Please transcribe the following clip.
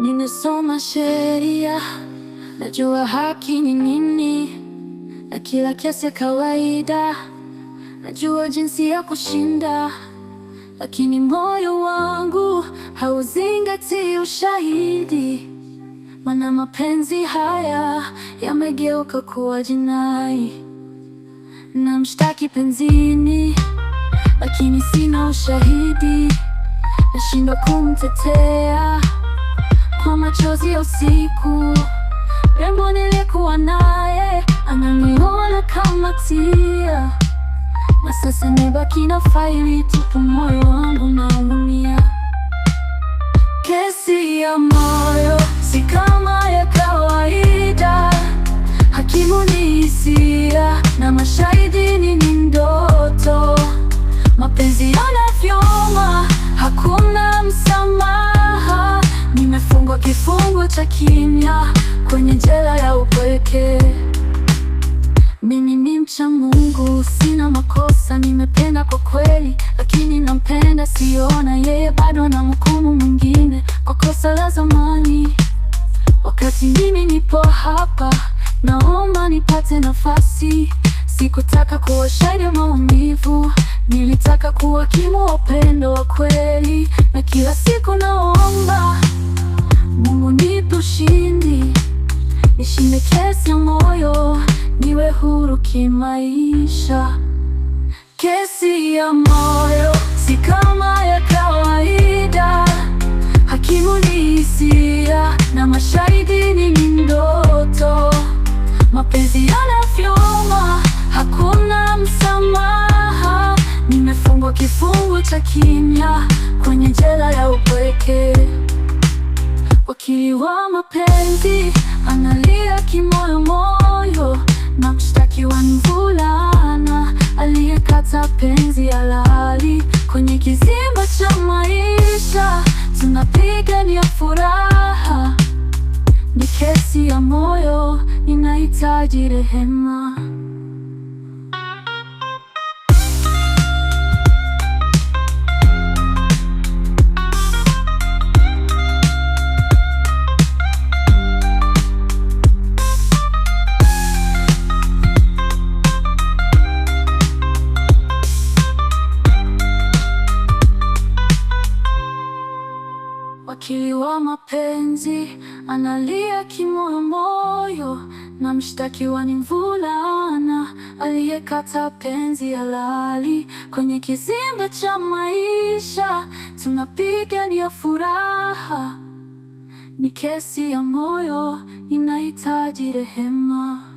Nimesoma sheria, najua haki ni nini, na kila kesi ya kawaida najua jinsi ya kushinda, lakini moyo wangu hauzingatii ushahidi, maana mapenzi haya yamegeuka kuwa jinai. Namshtaki penzini, lakini sina ushahidi, nashindwa kumtetea kwa machozi ya usiku. Rembo nilikuwa naye ananiona kama tia, na sasa nimebaki na faili tupu, moyo wangu naumia Kesi ya moyo si kama ya kawaida, hakimu ni hisia na mashairi kifungo cha kimya kwenye jela ya upweke. Mimi ni mcha Mungu, sina makosa, nimependa kwa kweli, lakini nampenda, siona yeye bado na mkumu mwingine kwa kosa la zamani. Wakati mimi nipo hapa, naomba nipate nafasi. Sikutaka kuwa shahidi maumivu, nilitaka kuwa kimo wapendo upendo wa kweli, na kila siku na huru kimaisha. Kesi ya moyo si kama ya kawaida, hakimu ni hisia na mashahidi ni ndoto. Mapenzi yanafyoma, hakuna msamaha. Nimefungwa kifungo cha kimya kwenye jela ya upweke. Wakili wa mapenzi analia kimoyomoyo na mshtakiwa ni mvulana aliyekata penzi halali kwenye kizimba cha maisha. Tunapigania furaha, ni kesi ya moyo, inahitaji rehema. wa mapenzi analia kimoyomoyo, na mshtakiwa ni mvulana aliyekata penzi halali. Kwenye kizimba cha maisha tunapigania furaha, ni kesi ya moyo inahitaji rehema.